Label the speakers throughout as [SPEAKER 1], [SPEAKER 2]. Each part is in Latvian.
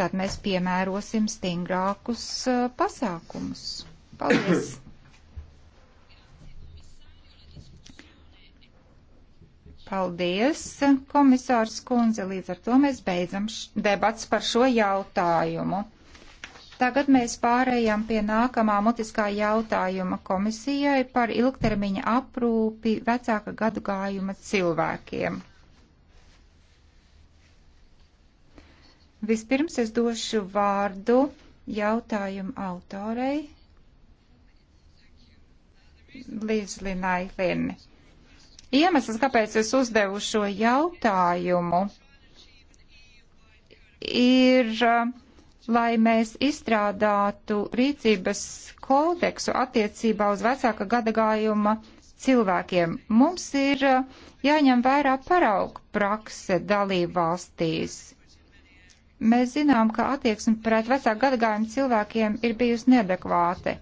[SPEAKER 1] tad mēs piemērosim stingrākus uh, pasākumus. Paldies! Paldies, komisārs kundze. Līdz ar to mēs beidzam debats par šo jautājumu. Tagad mēs pārējām pie nākamā mutiskā jautājuma komisijai par ilgtermiņa aprūpi vecāka gadu gājuma cilvēkiem. Vispirms es došu vārdu jautājumu autorei Līzlinai Lini. Iemesls, kāpēc es uzdevu šo jautājumu, ir, lai mēs izstrādātu rīcības kodeksu attiecībā uz vecāka gadagājuma cilvēkiem. Mums ir jāņem vērā paraugu prakse dalību valstīs Mēs zinām, ka attieksme pret vecāku gadagājumu cilvēkiem ir bijusi neadekvāte.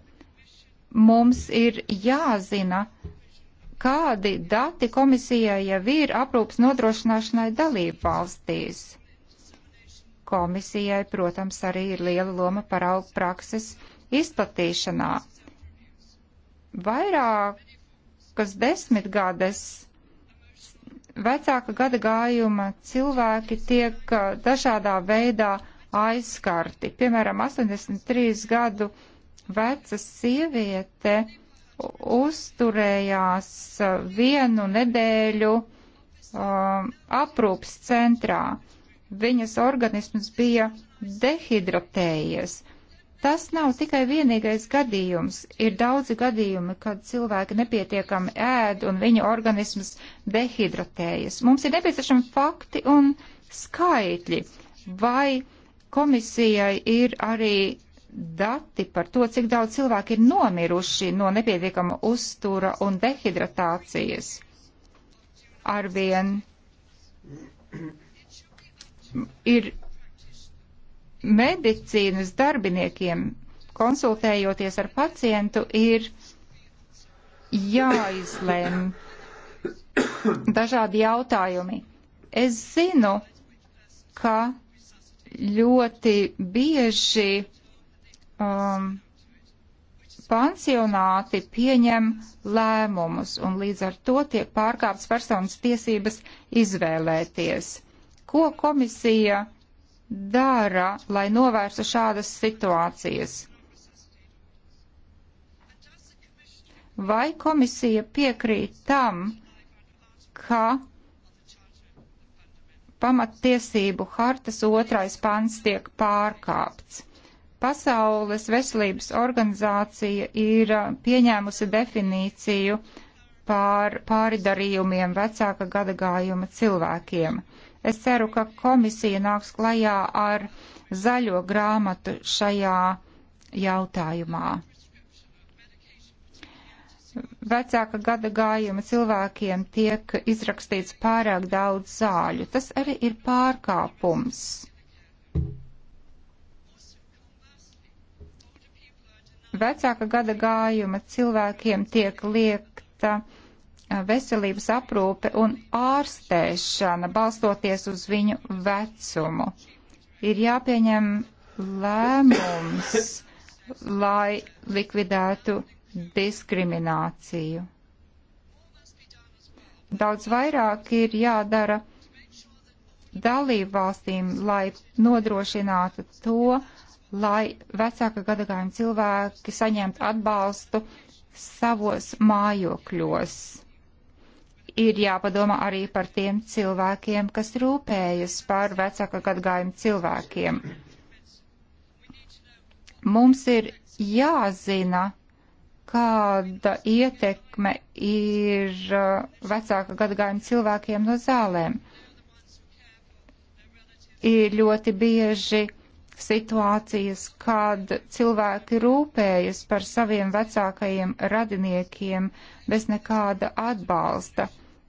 [SPEAKER 1] Mums ir jāzina, kādi dati komisijai jau ir aprūpas nodrošināšanai dalību valstīs. Komisijai, protams, arī ir liela loma paraugu prakses izplatīšanā. Vairākas desmitgades vecāka gada gājuma cilvēki tiek dažādā veidā aizskarti. Piemēram, 83 gadu veca sieviete uzturējās vienu nedēļu um, aprūps centrā. Viņas organisms bija dehidratējies. Tas nav tikai vienīgais gadījums. Ir daudzi gadījumi, kad cilvēki nepietiekami ēd un viņu organisms dehidratējas. Mums ir nepieciešami fakti un skaitļi. Vai komisijai ir arī dati par to, cik daudz cilvēku ir nomiruši no nepietiekama uztura un dehidratācijas? Arvien ir medicīnas darbiniekiem, konsultējoties ar pacientu, ir jāizlēm dažādi jautājumi. Es zinu, ka ļoti bieži um, pansionāti pieņem lēmumus, un līdz ar to tiek pārkāptas personas tiesības izvēlēties. Ko komisija dara, lai novērstu šādas situācijas? Vai komisija piekrīt tam, ka pamattiesību hartas otrais pants tiek pārkāpts? Pasaules veselības organizācija ir uh, pieņēmusi definīciju pār pāridarījumiem vecāka gadagājuma cilvēkiem. Es ceru, ka komisija nāks klajā ar zaļo grāmatu šajā jautājumā. Vecāka gada gājuma cilvēkiem tiek izrakstīts pārāk daudz zāļu. Tas arī ir pārkāpums. Vecāka gada gājuma cilvēkiem tiek liekta veselības aprūpe un ārstēšana, balstoties uz viņu vecumu. Ir jāpieņem lēmums, lai likvidētu diskrimināciju. Daudz vairāk ir jādara dalību valstīm, lai nodrošinātu to, lai vecāka gadagājuma cilvēki saņemtu atbalstu savos mājokļos ir jāpadomā arī par tiem cilvēkiem, kas rūpējas par vecāka gadgājumu cilvēkiem. Mums ir jāzina, kāda ietekme ir uh, vecāka gadgājuma cilvēkiem no zālēm. Ir ļoti bieži situācijas, kad cilvēki rūpējas par saviem vecākajiem radiniekiem bez nekāda atbalsta.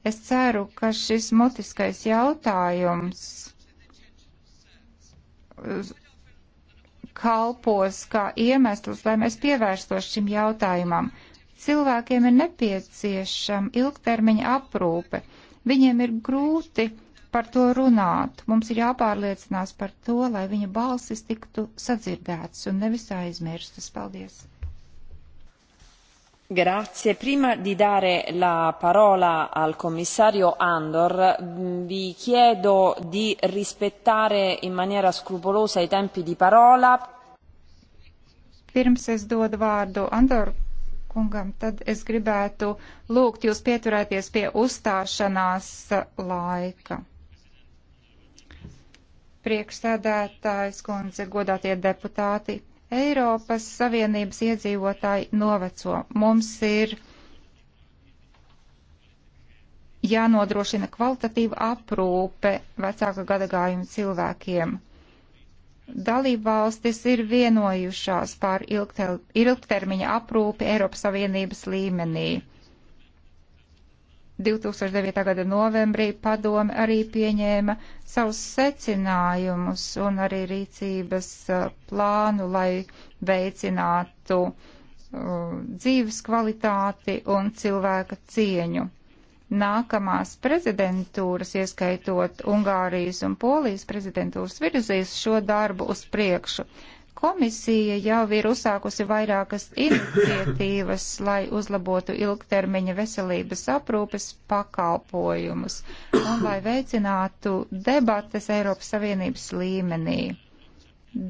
[SPEAKER 1] Es ceru, ka šis mutiskais jautājums uh, kalpos kā iemesls, lai mēs pievērstos šim jautājumam. Cilvēkiem ir nepieciešama ilgtermiņa aprūpe. Viņiem ir grūti par to runāt. Mums ir jāpārliecinās par to, lai viņa balsis tiktu sadzirdēts un nevis aizmirstas. Paldies!
[SPEAKER 2] Grazie. Prima di dare la parola al commissario Andor, vi chiedo di rispettare in maniera scrupolosa i tempi
[SPEAKER 1] di parola. Pirms es dodu vārdu Andor kungam, tad es gribētu lūgt jūs pieturēties pie uzstāšanās laika. Priekšsēdētājs kundze, godātie deputāti, Eiropas Savienības iedzīvotāji noveco. Mums ir jānodrošina kvalitatīva aprūpe vecāka gadagājuma cilvēkiem. Dalībvalstis ir vienojušās pār ilgtermiņa aprūpi Eiropas Savienības līmenī. 2009. gada novembrī padome arī pieņēma savus secinājumus un arī rīcības uh, plānu, lai veicinātu uh, dzīves kvalitāti un cilvēka cieņu. Nākamās prezidentūras, ieskaitot Ungārijas un Polijas prezidentūras, virzīs šo darbu uz priekšu. Uh, Komisija jau ir uzsākusi vairākas iniciatīvas, lai uzlabotu ilgtermiņa veselības aprūpes pakalpojumus un lai veicinātu debates Eiropas Savienības līmenī.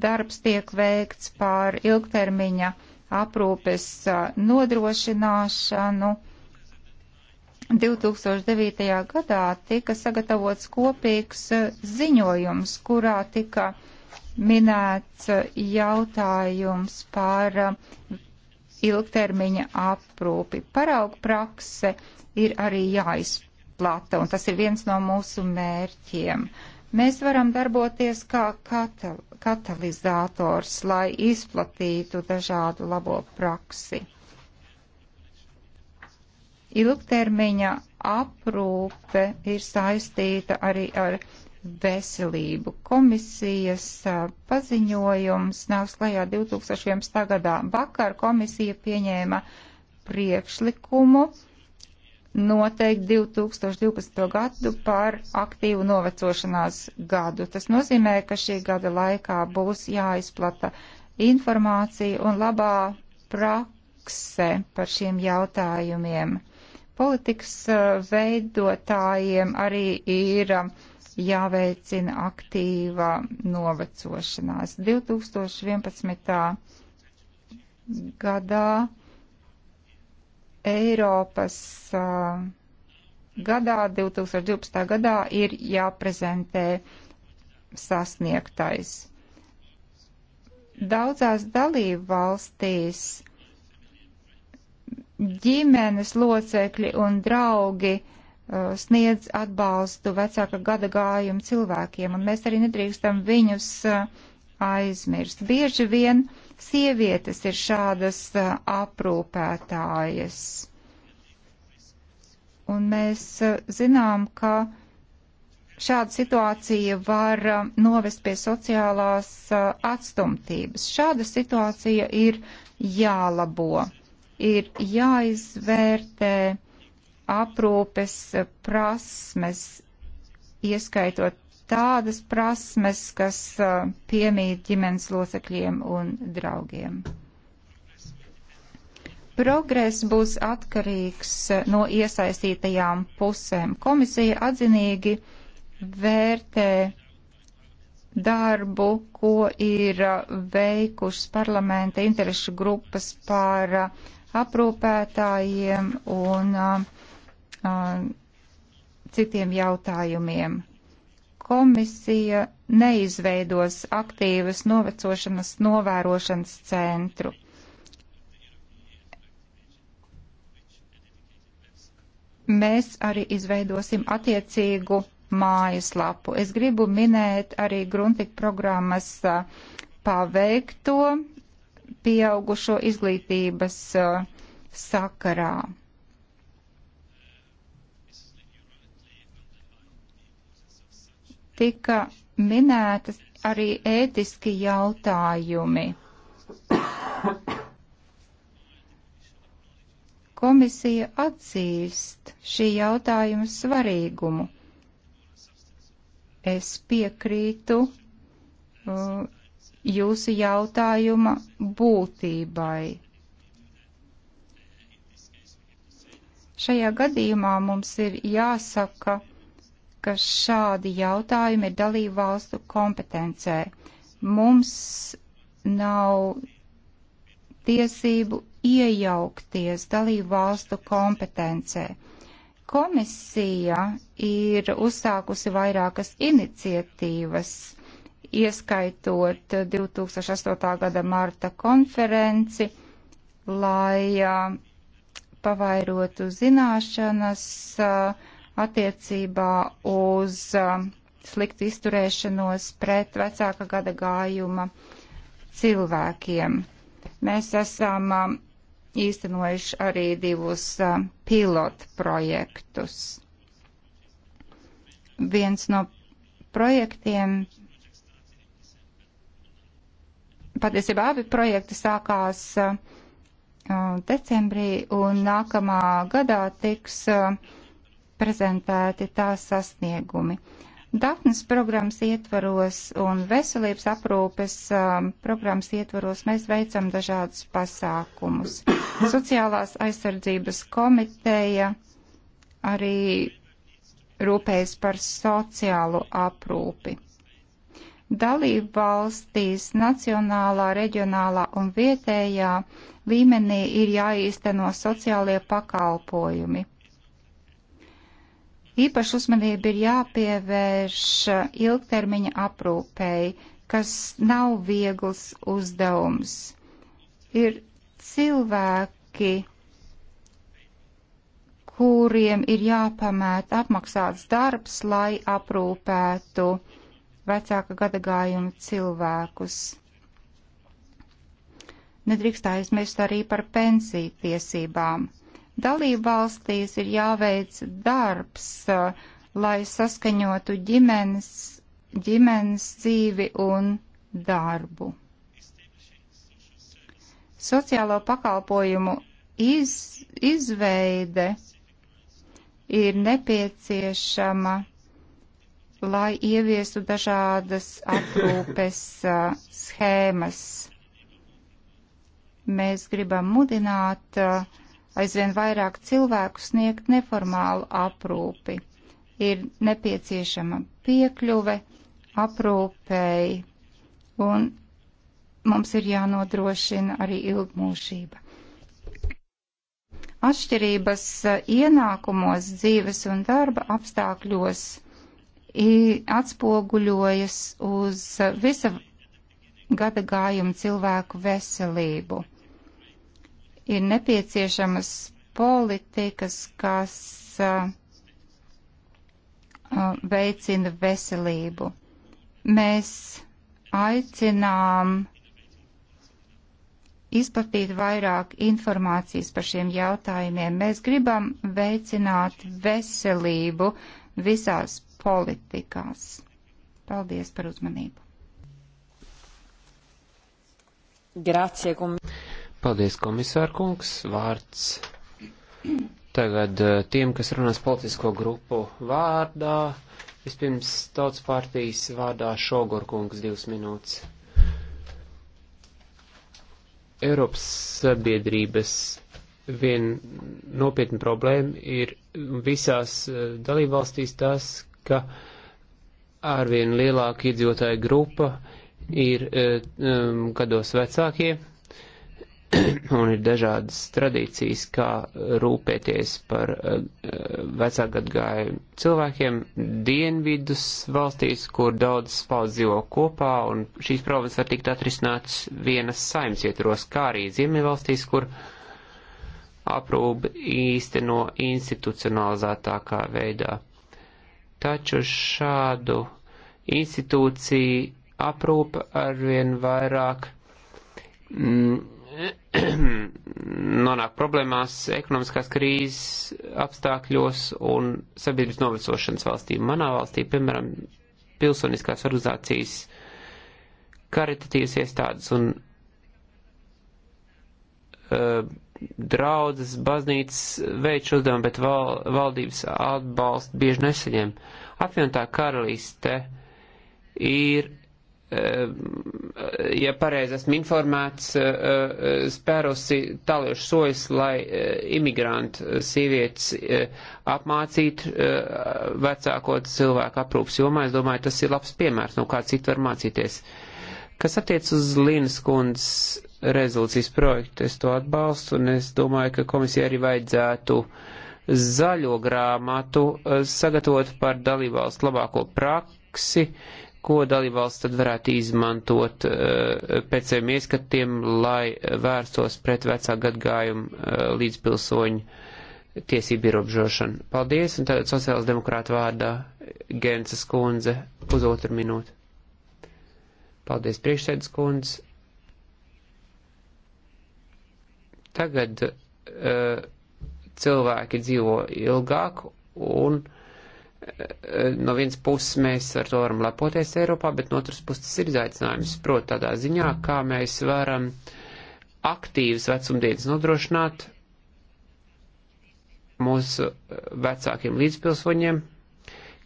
[SPEAKER 1] Darbs tiek veikts pār ilgtermiņa aprūpes nodrošināšanu. 2009. gadā tika sagatavots kopīgs ziņojums, kurā tika uh, minēts uh, jautājums par uh, ilgtermiņa aprūpi. Parauga prakse ir arī jāizplata, un tas ir viens no mūsu mērķiem. Mēs varam darboties kā katal katalizators, lai izplatītu dažādu labo praksi. Ilgtermiņa aprūpe ir saistīta arī ar veselību. Komisijas paziņojums nāks klajā 2011. gadā. Vakar komisija pieņēma priekšlikumu noteikt 2012. gadu par aktīvu novecošanās gadu. Tas nozīmē, ka šī gada laikā būs jāizplata informācija un labā prakse par šiem jautājumiem. Politikas veidotājiem arī ir uh, jāveicina aktīva novecošanās. 2011. gadā Eiropas uh, gadā, 2012. gadā ir jāprezentē sasniegtais. Daudzās dalību valstīs ģimenes locekļi un draugi Uh, sniedz atbalstu vecāka gada gājuma cilvēkiem, un mēs arī nedrīkstam viņus uh, aizmirst. Bieži vien sievietes ir šādas uh, aprūpētājas. Un mēs zinām, ka šāda situācija var novest pie sociālās atstumtības. Šāda situācija ir jālabo, ir jāizvērtē aprūpes prasmes, ieskaitot tādas prasmes, kas uh, piemīt ģimenes locekļiem un draugiem. Progress būs atkarīgs uh, no iesaistītajām pusēm. Komisija atzinīgi vērtē darbu, ko ir uh, veikušas parlamenta interešu grupas par aprūpētājiem un uh, uh, citiem jautājumiem. Komisija neizveidos aktīvas novecošanas novērošanas centru. Mēs arī izveidosim attiecīgu mājaslapu. Es gribu minēt arī Gruntik programmas uh, paveikto pieaugušo izglītības uh, sakarā. tika minētas arī ētiski jautājumi. Komisija atzīst šī jautājuma svarīgumu. Es piekrītu uh, jūsu jautājuma būtībai. Šajā gadījumā mums ir jāsaka, ka šādi jautājumi ir dalību valstu kompetencē. Mums nav tiesību iejaukties dalību valstu kompetencē. Komisija ir uzsākusi vairākas iniciatīvas, ieskaitot 2008. gada marta konferenci, lai pavairotu zināšanas uh, attiecībā uz um, sliktu izturēšanos pret vecāka gada gājuma cilvēkiem. Mēs esam um, īstenojuši arī divus um, pilotu projektus. Viens no projektiem, patiesībā abi projekti sākās uh, uh, decembrī un nākamā gadā tiks uh, prezentēti tās sasniegumi. Dafnes programmas ietvaros un veselības aprūpes um, programmas ietvaros mēs veicam dažādus pasākumus. Sociālās aizsardzības komiteja arī rūpējas par sociālu aprūpi. Dalību valstīs nacionālā, reģionālā un vietējā līmenī ir jāīsteno sociālie pakalpojumi Īpaši uzmanība ir jāpievērš ilgtermiņa aprūpēji, kas nav viegls uzdevums. Ir cilvēki, kuriem ir jāpamēt apmaksāts darbs, lai aprūpētu vecāka gadagājuma cilvēkus. Nedrīkst aizmirst arī par pensiju tiesībām. Dalību valstīs ir jāveic darbs, lai saskaņotu ģimenes, ģimenes dzīvi un darbu. Sociālo pakalpojumu iz, izveide ir nepieciešama lai ieviestu dažādas aprūpes uh, schēmas. Mēs gribam mudināt uh, aizvien vairāk cilvēku sniegt neformālu aprūpi. Ir nepieciešama piekļuve aprūpēji un mums ir jānodrošina arī ilgmūžība. Atšķirības eh, ienākumos, dzīves un darba apstākļos atspoguļojas uz eh, visa gada gājuma cilvēku veselību ir nepieciešamas politikas, kas uh, uh, veicina veselību. Mēs aicinām izplatīt vairāk informācijas par šiem jautājumiem. Mēs gribam veicināt veselību visās politikās. Paldies par uzmanību. Grazie, kum...
[SPEAKER 3] Paldies, komisārkungs. Vārds tagad eh, tiem, kas runās politisko grupu vārdā. Vispirms tautas partijas vārdā Šogorkungs divas minūtes. Eiropas sabiedrības viena nopietna problēma ir visās eh, dalībvalstīs tas, ka arvien lielāka iedzīvotāja grupa ir eh, um, gados vecākie un ir dažādas tradīcijas, kā rūpēties par eh, vecākgadgāju cilvēkiem dienvidus valstīs, kur daudz spaudz dzīvo kopā, un šīs problēmas var tikt atrisinātas vienas saimas ietros, kā arī ziemevalstīs, kur aprūpe īsteno institucionalizētākā veidā. Taču šādu institūciju aprūpe arvien vairāk mm, nonāk problēmās ekonomiskās krīzes apstākļos un sabiedrības novecošanas valstī. Manā valstī, piemēram, pilsoniskās organizācijas, karitatīvas iestādes un uh, draudzes, baznīcas veids uzdevumu, bet val, valdības atbalstu bieži nesaņem. Apvienotā karalīste ir Eh, ja pareizi esmu informēts, eh, eh, spērusi tāliešu sojas, lai imigrantu sievietes apmācītu vecākot cilvēku aprūpas jomā. Es domāju, tas ir labs piemērs, no kā citu var mācīties. Kas attiec uz Līnas kundzes rezolūcijas projektu, es to atbalstu un es domāju, ka komisija arī vajadzētu zaļo grāmatu sagatavot par dalībvalstu labāko praksi, ko dalībvalsts tad varētu izmantot eh, pēc saviem ieskatiem, lai vērstos pret vecā gadgājumu eh, līdzpilsoņu tiesību ierobežošanu. Paldies, un tagad sociāls demokrāta vārdā Gences kundze uz otru minūti. Paldies, priekšsēdus kundze. Tagad uh, cilvēki dzīvo ilgāk un uh, no vienas puses mēs ar to varam lepoties Eiropā, bet no otras puses tas ir izaicinājums, proti tādā ziņā, kā mēs varam aktīvas vecumdienas nodrošināt mūsu vecākiem līdzpilsoņiem,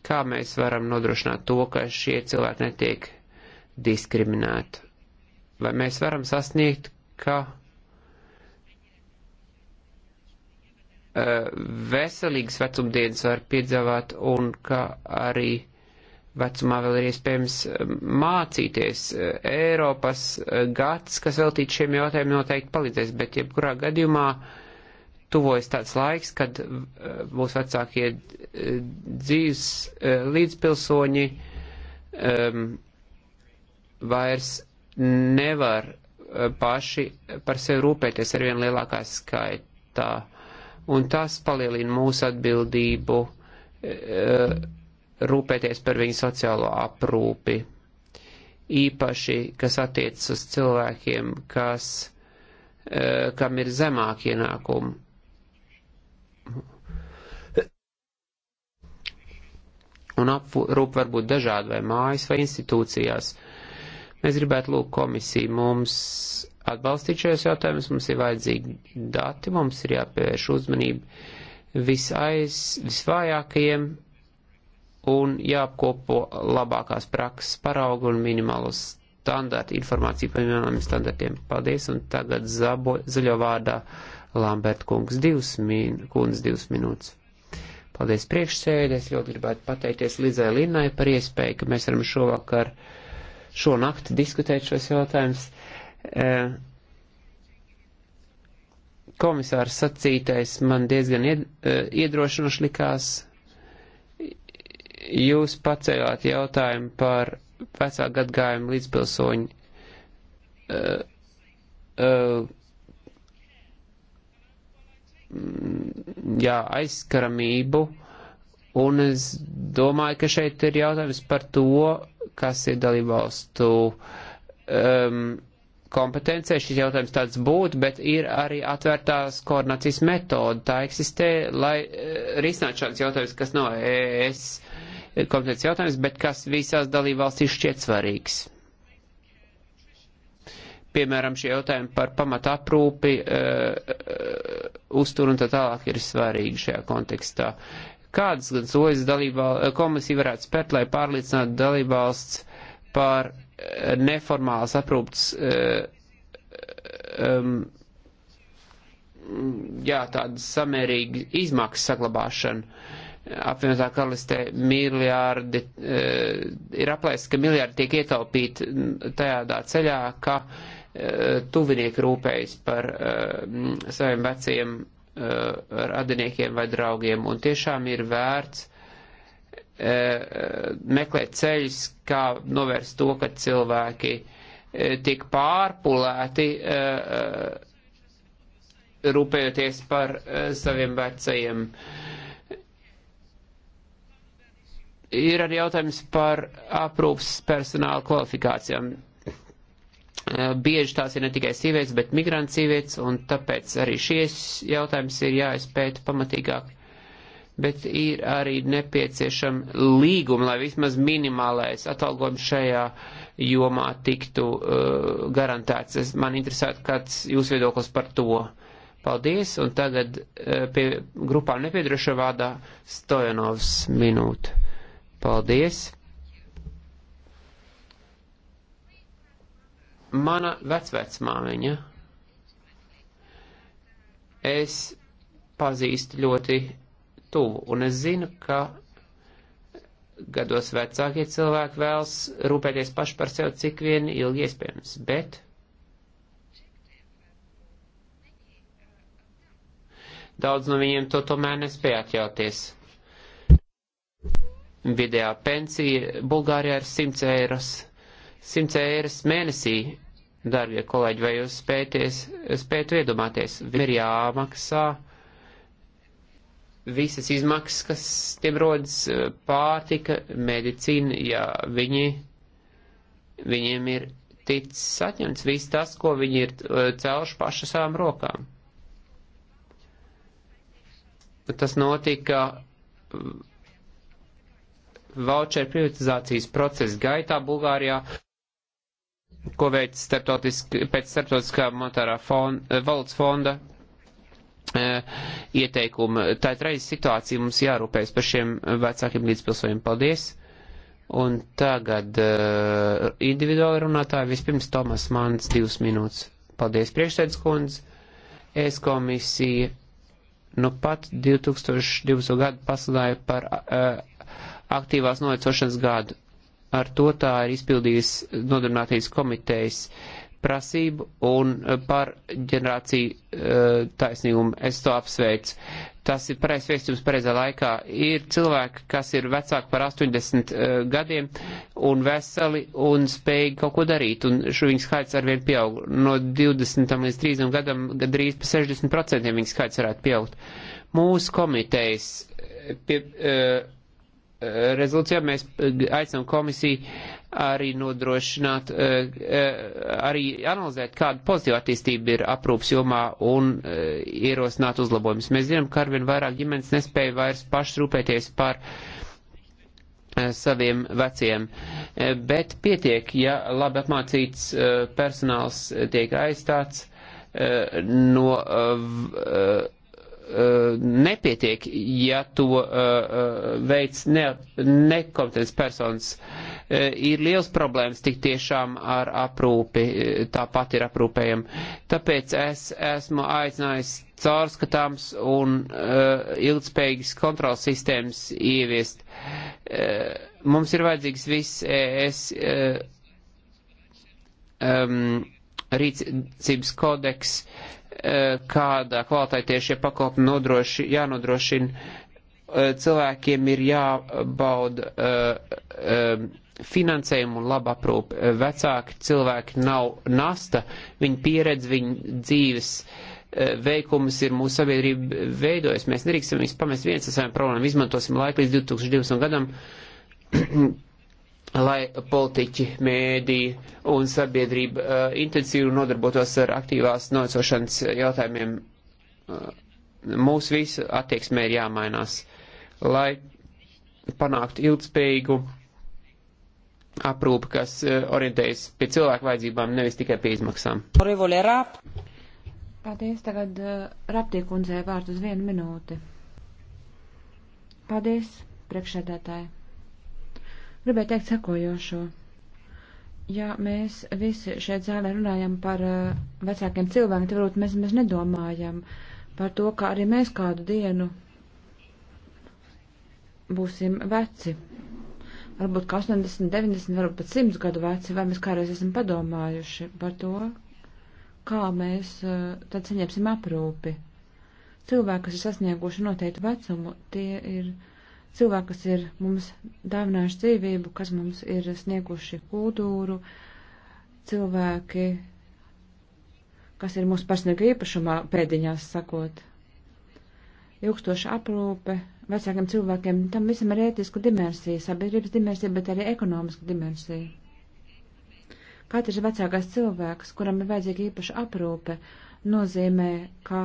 [SPEAKER 3] kā mēs varam nodrošināt to, ka šie cilvēki netiek diskriminēti. Vai mēs varam sasniegt, ka Eh, veselīgas vecumdienas var piedzīvot un ka arī vecumā vēl ir iespējams eh, mācīties. Eh, Eiropas gads, kas veltīts šiem jautājumiem, noteikti palīdzēs, bet jebkurā gadījumā tuvojas tāds laiks, kad būs vecākie dzīves līdzpilsoņi um, vairs nevar paši par sevi rūpēties ar vien lielākā skaitā. Uh, un tas palielina mūsu atbildību e, rūpēties par viņu sociālo aprūpi. Īpaši, kas attiecas uz cilvēkiem, kas, e, kam ir zemāk ienākumi. Un aprūp var būt dažādi vai mājas vai institūcijās. Mēs gribētu lūgt komisiju mums atbalstīt šajos jautājumus, mums ir vajadzīgi dati, mums ir jāpievērš uzmanība visaiz, visvājākajiem un jāapkopo labākās prakses paraugu un minimālos standārtu informāciju par minimāliem standartiem. Paldies, un tagad zabo, zaļo vārdā Lambert kungs divas, min, kundas divas minūtes. Paldies priekšsēdē, es ļoti gribētu pateikties Lizai Linnai par iespēju, ka mēs varam šovakar, šonakt diskutēt šos jautājumus. Uh, Komisārs sacītais man diezgan iedrošinoši likās. Jūs pacēlāt jautājumu par vecā gadgājuma līdzpilsoņu uh, uh, jā, aizskaramību, un es domāju, ka šeit ir jautājums par to, kas ir dalībvalstu um, kompetencē šis jautājums tāds būtu, bet ir arī atvērtās koordinācijas metoda. Tā eksistē, lai eh, risinātu šāds jautājums, kas nav ES kompetences jautājums, bet kas visās dalībvalstīs šķiet svarīgs. Piemēram, šie jautājumi par pamatu aprūpi, eh, uzturu un tā tālāk ir svarīgi šajā kontekstā. Kādas gan soļas komisija varētu spērt, lai pārliecinātu dalībvalsts par neformāls aprūpts, e, e, um, jā, tāda samērīga izmaksa saglabāšana. Apvienotā karalistē miljārdi, uh, ir aplēsts, ka miljārdi tiek ietaupīti tajādā ceļā, ka uh, tuvinieki rūpējas par uh, saviem veciem uh, radiniekiem vai draugiem, un tiešām ir vērts uh, E, meklēt ceļus, kā novērst to, ka cilvēki e, tik pārpulēti, e, rūpējoties par saviem vecajiem. Ir arī jautājums par aprūpas personāla kvalifikācijām. Bieži tās ir ne tikai sievietes, bet migrants sievietes, un tāpēc arī šies jautājums ir jāizpēta pamatīgāk bet ir arī nepieciešama līguma, lai vismaz minimālais atalgojums šajā jomā tiktu uh, garantēts. Es, man interesētu, kāds jūs viedoklis par to. Paldies, un tagad uh, pie grupām nepiedarošā vārdā Stojanovs minūte. Paldies. Mana vecvecmāmiņa. Es pazīstu ļoti tuvu. Un es zinu, ka gados vecākie cilvēki vēlas rūpēties paši par sevi, cik vien ilgi iespējams. Bet daudz no viņiem to tomēr nespēja atļauties. Vidējā pensija Bulgārijā ir 100 eiros. 100 eiros mēnesī, darbie kolēģi, vai jūs spēties, spētu iedomāties, ir jāmaksā visas izmaksas, kas tiem rodas, pārtika, medicīna, ja viņi, viņiem ir ticis atņemts viss tas, ko viņi ir uh, celši paši savām rokām. Tas notika uh, voucher privatizācijas procesa gaitā Bulgārijā, ko veic starptautiski, pēc starptautiskā monetārā fonda, valsts fonda Eh, ieteikumu. Tā ir reizes situācija, mums jārūpējas par šiem vecākiem līdzpilsoņiem. Paldies! Un tagad uh, individuāli runātāji, vispirms Tomas Mans, divas minūtes. Paldies, priekšsēdus kundze. Es komisija nu pat 2020. gadu pasludināja par uh, aktīvās novecošanas gadu. Ar to tā ir izpildījis nodarbinātīs komitejas uh, prasību un eh, par ģenerāciju eh, taisnīgumu. Es to apsveicu. Tas ir pareizs vēstījums pareizā laikā. Ir cilvēki, kas ir vecāki par 80 eh, gadiem un veseli un spēj kaut ko darīt, un šo viņas skaits arvien pieaug. No 20 līdz 30 gadam gadrīz pa 60% viņas skaits varētu pieaugt. Mūsu komitejas pie, rezolūcijā mēs aicinām komisiju arī nodrošināt, eh, eh, arī analizēt, kāda pozitīva attīstība ir aprūpas jomā un eh, ierosināt uzlabojumus. Mēs zinām, ka arvien vairāk ģimenes nespēja vairs pašs rūpēties par saviem veciem, bet pietiek, ja labi apmācīts personāls tiek aizstāts no nepietiek, ja to uh, veids ne, nekompetents personas. Eh, ir liels problēmas tik tiešām ar aprūpi, eh, tāpat ir aprūpējiem. Tāpēc es esmu aicinājis caurskatāms un uh, ilgspējīgas kontrols sistēmas ieviest. Uh, mums ir vajadzīgs viss ES uh, um, rīcības kodeks, uh, kādā kvalitātē šie pakalpi nodroši, jānodrošina. Uh, cilvēkiem ir jābauda. Uh, uh, finansējumu un labu aprūpi. Vecāki cilvēki nav nasta, viņa pieredze, viņa dzīves e, veikums ir mūsu sabiedrība veidojis. Mēs nerīkstam viņus pamest viens ar saviem problēmām, izmantosim laiku līdz 2020 gadam, lai politiķi, mēdī un sabiedrība uh, intensīvi nodarbotos ar aktīvās nocošanas jautājumiem. Uh, mūsu visu attieksmē ir jāmainās, lai panāktu ilgspējīgu aprūpe, kas eh, orientējas pie cilvēku vajadzībām, nevis tikai pie izmaksām.
[SPEAKER 2] Paldies, tagad eh, raptiekundzē vārds uz vienu minūti. Paldies, priekšsēdētāji. Gribēju teikt sekojošo. Ja mēs visi šeit zālē runājam par eh, vecākiem cilvēkiem, tad varbūt mēs, mēs nedomājam par to, ka arī mēs kādu dienu būsim veci varbūt 80, 90, varbūt pat 100 gadu veci, vai mēs kādreiz esam padomājuši par to, kā mēs eh, tad saņemsim aprūpi. Cilvēki, kas ir sasnieguši noteiktu vecumu, tie ir cilvēki, kas ir mums dāvinājuši dzīvību, kas mums ir snieguši kultūru, cilvēki, kas ir mūsu personīga īpašumā, pēdiņās sakot ilgstoša aprūpe vecākiem cilvēkiem. Tam visam ir ētiska dimensija, sabiedrības dimensija, bet arī ekonomiska dimensija. Katrs vecākais cilvēks, kuram ir vajadzīga īpaša aprūpe, nozīmē, ka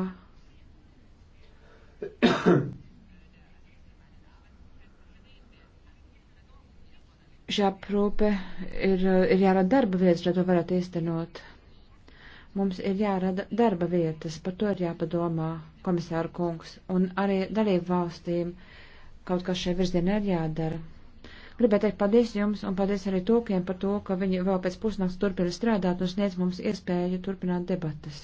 [SPEAKER 2] šī aprūpe ir, ir jārada darba vietas, lai to varētu īstenot. Mums ir jārada darba vietas, par to ir jāpadomā, komisāra kungs, un arī dalību valstīm kaut kas šai virzienā ir jādara. Gribētu teikt paldies jums un paldies arī tūkiem par to, ka viņi vēl pēc pusnakts turpina strādāt un sniedz mums iespēju turpināt debatas.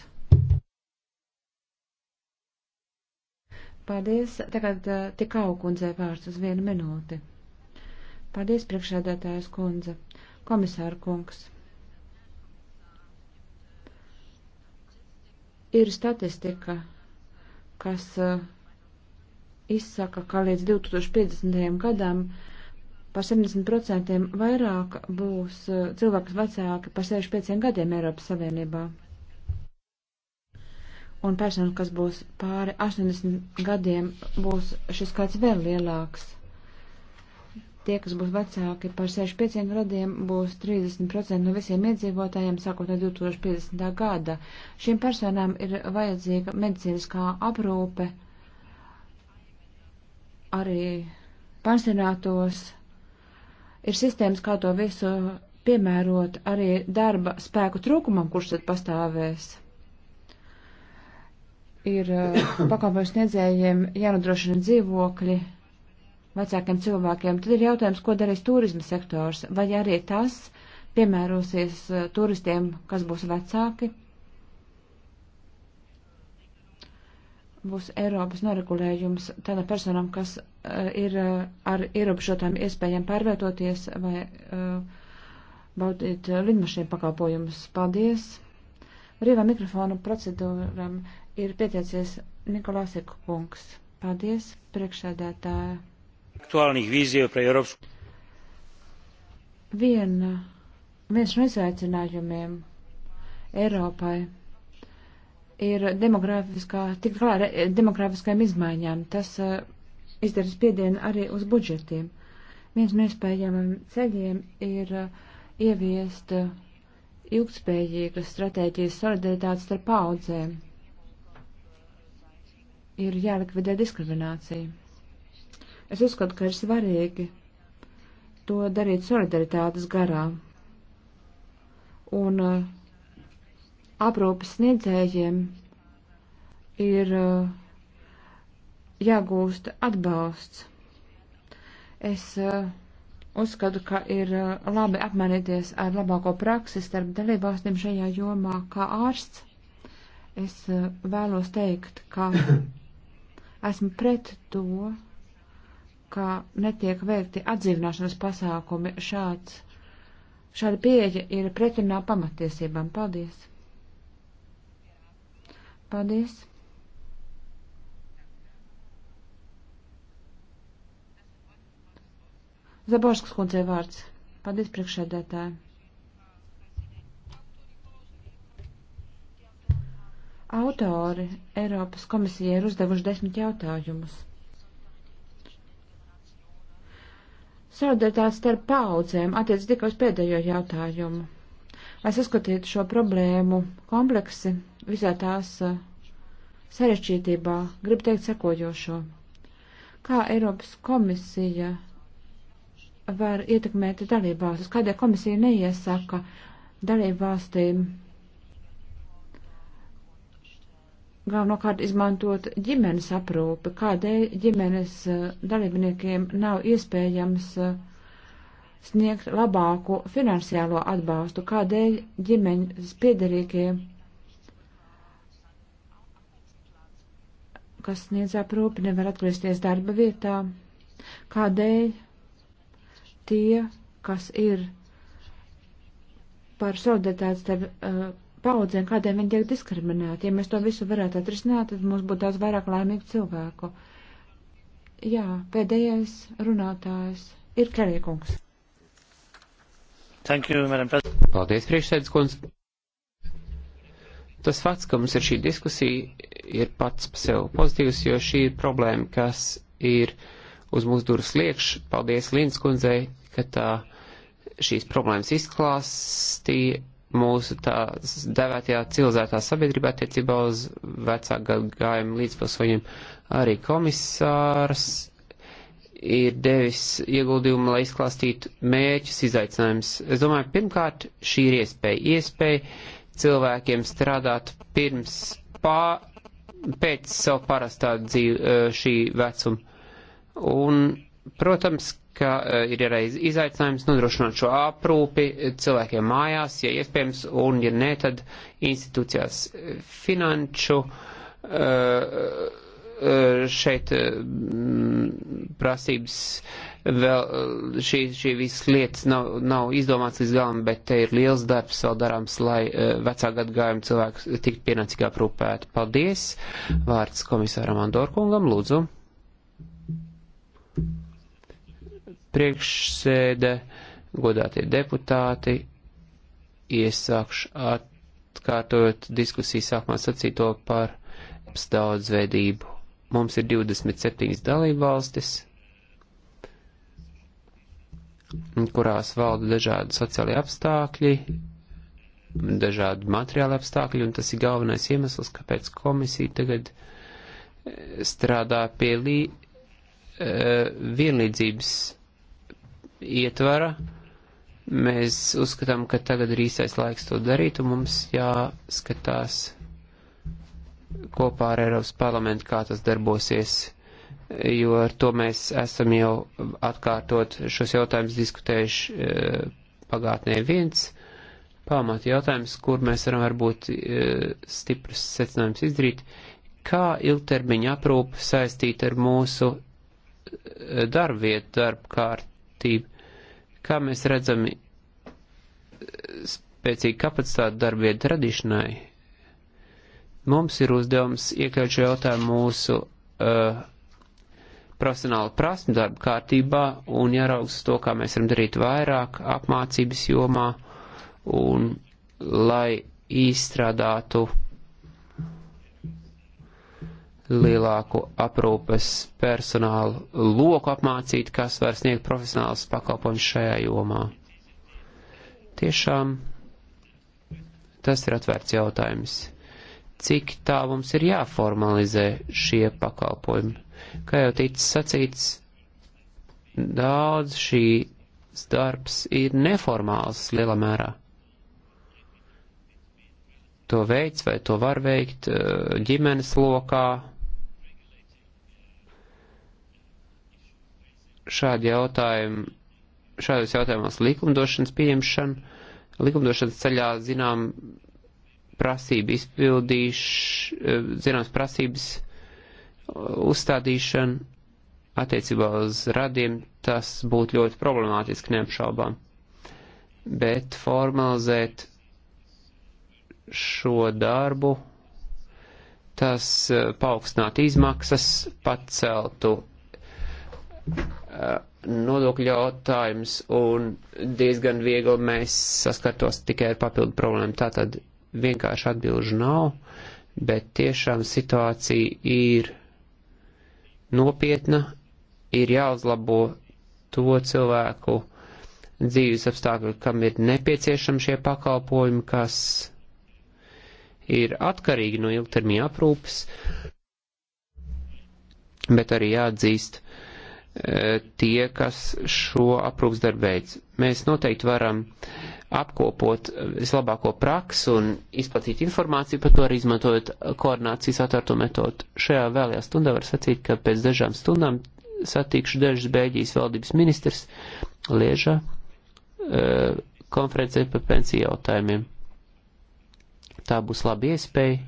[SPEAKER 2] Paldies. Tagad eh, tikau kundzei vārds uz vienu minūti. Paldies, priekšēdētājas kundze. Komisāra kungs. Ir statistika, kas eh, izsaka, ka līdz 2050. gadam par 70% vairāk būs eh, cilvēki vecāki par 65 gadiem Eiropas Savienībā. Un personas, kas būs pāri 80 gadiem, būs šis skaits vēl lielāks tie, kas būs vecāki par 65 gadiem, būs 30% no visiem iedzīvotājiem sākot no 2050. gada. Šīm personām ir vajadzīga medicīniskā aprūpe, arī pensionātos. Ir sistēmas, kā to visu piemērot arī darba spēku trūkumam, kurš tad pastāvēs ir eh, pakalpojumu sniedzējiem jānodrošina dzīvokļi vecākiem cilvēkiem, tad ir jautājums, ko darīs turisma sektors, vai arī tas piemērosies eh, turistiem, kas būs vecāki. Būs Eiropas noregulējums tādam personam, kas uh, ir uh, ar ierobežotām iespējām pārvietoties vai uh, baudīt uh, lidmašīnu pakalpojumus. Paldies! Rīvā mikrofonu procedūram ir pieteicies Nikolāsiku kungs. Paldies, priekšsēdētāja! aktuālnych vīziju pre Eiropas. Viena, viens no izaicinājumiem Eiropai ir demografiskā, tik klāra demografiskajām izmaiņām. Tas uh, izdara spiedienu arī uz budžetiem. Viens no iespējamiem ceļiem ir uh, ieviest uh, ilgspējīgas stratēģijas solidaritātes starp paudzēm. Ir jālikvidē diskriminācija. Es uzskatu, ka ir svarīgi to darīt solidaritātes garā. Un uh, aprūpas sniedzējiem ir uh, jāgūst atbalsts. Es uh, uzskatu, ka ir uh, labi apmainīties ar labāko praksi starp dalībvalstīm šajā jomā kā ārsts. Es uh, vēlos teikt, ka esmu pret to, ka netiek veikti atdzīvināšanas pasākumi šāds. Šāda pieeja ir pretrunā pamatiesībām. Paldies! Paldies! Zaborskas kundzei vārds. Paldies priekšēdētāji. Autori Eiropas komisijai ir uzdevuši desmit jautājumus. Solidaritāte starp paudzēm attiec tikai uz pēdējo jautājumu. Lai saskatītu šo problēmu kompleksi visā tās uh, sarežģītībā, gribu teikt sekojošo. Kā Eiropas komisija var ietekmēt dalībvalstis, kādēļ komisija neiesaka dalībvalstīm galvenokārt izmantot ģimenes aprūpi, kādēļ ģimenes eh, dalībniekiem nav iespējams eh, sniegt labāku finansiālo atbalstu, kādēļ ģimenes piederīgie, kas sniedz aprūpi, nevar atgriezties darba vietā, kādēļ tie, kas ir par solidaritāti starp uh, paudzēm, kādēļ viņi tiek diskriminēti. Ja mēs to visu varētu atrisināt, tad mums būtu daudz vairāk laimīgu cilvēku. Jā, pēdējais runātājs ir Kleriekungs.
[SPEAKER 3] Paldies, priekšsēdus kundze. Tas fakts, ka mums ir šī diskusija, ir pats par sevi pozitīvs, jo šī ir problēma, kas ir uz mūsu durvis liekš. Paldies Līnas kundzei, ka tā šīs problēmas izklāstīja mūsu tā devētajā civilizētā sabiedrībā attiecībā uz vecāku gājumu līdzpilsoņiem. Arī komisārs ir devis ieguldījumu, lai izklāstītu mērķus, izaicinājumus. Es domāju, pirmkārt, šī ir iespēja. Iespēja cilvēkiem strādāt pirms, pā, pēc savu parastā dzīvi eh, šī vecuma. Un, protams, ka eh, ir arī izaicinājums nodrošināt šo aprūpi cilvēkiem mājās, ja iespējams, un ja ne, tad institūcijās eh, finanšu eh, šeit prasības vēl šī, šī visas lietas nav, nav izdomāts līdz galam, bet te ir liels darbs vēl darāms, lai vecā gadgājuma cilvēks tiktu pienācīgi aprūpēti. Paldies! Vārds komisāram Andorkungam, lūdzu! priekšsēde, godātie deputāti, iesākšu atkārtojot diskusiju sākumā sacīto par daudzveidību. Mums ir 27 dalībvalstis, kurās valda dažādi sociālie apstākļi, dažādi materiāli apstākļi, un tas ir galvenais iemesls, kāpēc komisija tagad eh, strādā pie lī, eh, vienlīdzības ietvara. Mēs uzskatām, ka tagad ir īstais laiks to darīt, un mums jāskatās kopā ar Eiropas parlamentu, kā tas darbosies, jo ar to mēs esam jau atkārtot šos jautājumus diskutējuši eh, pagātnē viens pamat jautājums, kur mēs varam varbūt eh, stipras secinājums izdarīt, kā ilgtermiņa aprūpa saistīta ar mūsu darbvietu eh, darbkārt, attīstību. Kā mēs redzam, spēcīga kapacitāte darbvieta radīšanai. Mums ir uzdevums iekļaut šo jautājumu mūsu uh, profesionāla prasme darba kārtībā un jāraugs to, kā mēs varam darīt vairāk apmācības jomā un lai izstrādātu lielāku aprūpes personālu loku apmācīt, kas var sniegt profesionāls pakalpojums šajā jomā. Tiešām tas ir atvērts jautājums. Cik tā mums ir jāformalizē šie pakalpojumi? Kā jau ticis sacīts, daudz šīs darbs ir neformāls lielā mērā to veids vai to var veikt eh, ģimenes lokā, šādi jautājumi, šādos jautājumos likumdošanas pieņemšana, likumdošanas ceļā zinām prasību izpildīš, eh, zināms prasības eh, uzstādīšana attiecībā uz radiem, tas būtu ļoti problemātiski neapšaubām. Bet formalizēt šo darbu, tas eh, paaugstinātu izmaksas, paceltu Eh, nodokļu jautājums un diezgan viegli mēs saskartos tikai ar papildu problēmu. Tātad vienkārši atbilžu nav, bet tiešām situācija ir nopietna, ir jāuzlabo to cilvēku dzīves apstākļu, kam ir nepieciešami šie pakalpojumi, kas ir atkarīgi no ilgtermiņa aprūpes, bet arī jāatzīst, uh, tie, kas šo aprūksdarbu veids. Mēs noteikti varam apkopot vislabāko praksu un izplatīt informāciju par to arī izmantojot koordinācijas atvērto metodu. Šajā vēlajā stundā var sacīt, ka pēc dažām stundām satikšu dažas Bēļģijas valdības ministrs Lieža e, konferencē par pensiju jautājumiem. Tā būs laba iespēja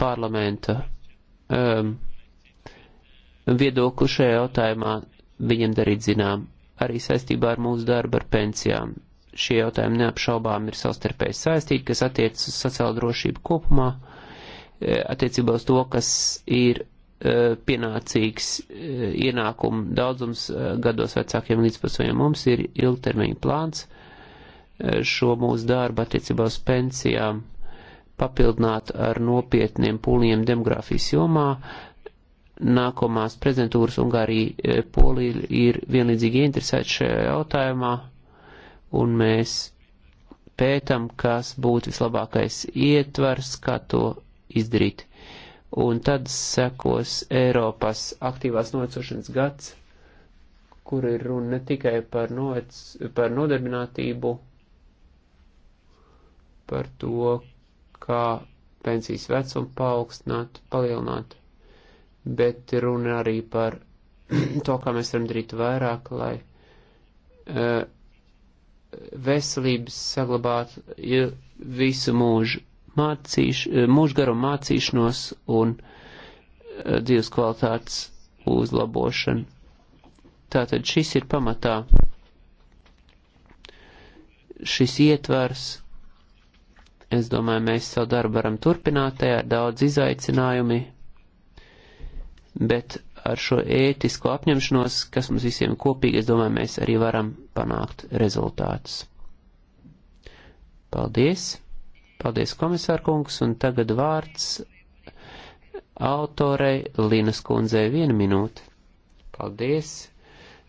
[SPEAKER 3] parlamenta um, viedokli šajā jautājumā viņam darīt zinām, arī saistībā ar mūsu darbu ar pensijām. Šie jautājumi neapšaubām ir savstarpēji saistīti, kas attiecas uz sociālo drošību kopumā, e, attiecībā uz to, kas ir e, pienācīgs e, ienākumu daudzums gados vecākiem līdzpusējiem. Mums ir ilgtermiņa plāns šo mūsu darbu attiecībā uz pensijām papildināt ar nopietniem pūliem demografijas jomā, nākamās prezidentūras Ungārija e, Polija ir vienlīdzīgi ieinteresēta šajā jautājumā, un mēs pētam, kas būtu vislabākais ietvars, kā to izdarīt. Un tad sekos Eiropas aktīvās novecošanas gads, kur ir runa ne tikai par, novec, par nodarbinātību, par to, kā pensijas vecumu paaugstināt, palielināt bet runa arī par to, kā mēs varam darīt vairāk, lai uh, veselības saglabātu ja visu mūžu, mācīš, e, mūžgaru mācīšanos un uh, dzīves kvalitātes uzlabošanu. Tātad šis ir pamatā šis ietvers. Es domāju, mēs savu darbu varam turpināt, tajā ir daudz izaicinājumi, bet ar šo ētisko apņemšanos, kas mums visiem kopīgi, es domāju, mēs arī varam panākt rezultātus. Paldies! Paldies, komisārkungs, un tagad vārds autorei Linas kundzei vienu minūti. Paldies!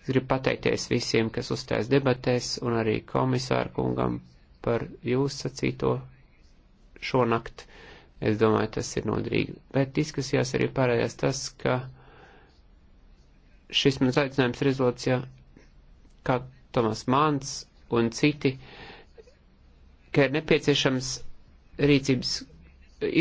[SPEAKER 3] Es gribu pateikties visiem, kas uzstājas debatēs, un arī komisārkungam par jūsu sacīto šonakt Es domāju, tas ir nodrīgi. Bet diskusijās arī pārējās tas, ka šis mans aicinājums rezolūcijā, kā Tomas Mans un citi, ka ir nepieciešams rīcības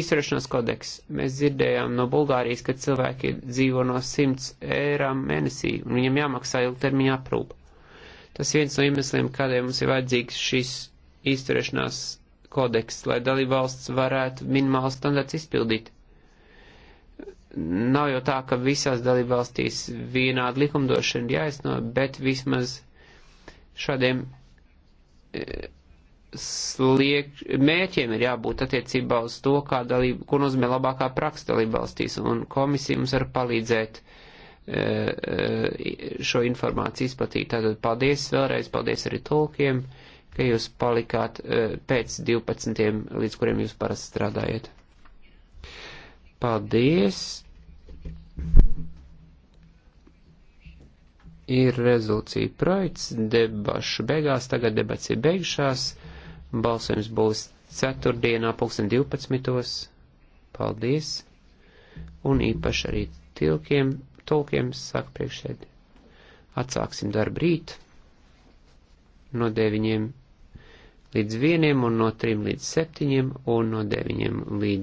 [SPEAKER 3] izturēšanās kodeks. Mēs dzirdējām no Bulgārijas, ka cilvēki dzīvo no 100 eirām mēnesī un viņam jāmaksā ilgtermiņa aprūpa. Tas viens no iemesliem, kādēļ mums ir vajadzīgs šis izturēšanās kodeks, lai dalībvalsts varētu minimālus standarts izpildīt. Nav jau tā, ka visās dalībvalstīs vienāda likumdošana jāizno, bet vismaz šādiem e, sliek, mērķiem ir jābūt attiecībā uz to, kā dalība, ko nozīmē labākā praksa dalībvalstīs, un komisija mums var palīdzēt e, e, šo informāciju izplatīt. Tātad paldies vēlreiz, paldies arī tulkiem ka jūs palikāt e, pēc 12, līdz kuriem jūs parasti strādājat. Paldies! Ir rezolūcija projekts, debašu beigās, tagad debats ir beigšās, balsojums būs ceturtdienā, 2012. Paldies! Un īpaši arī tilkiem, tulkiem saka priekšēdi. Atsāksim darbu rīt no deviņiem līdz vieniem un no trim līdz septiņiem un no deviņiem līdz.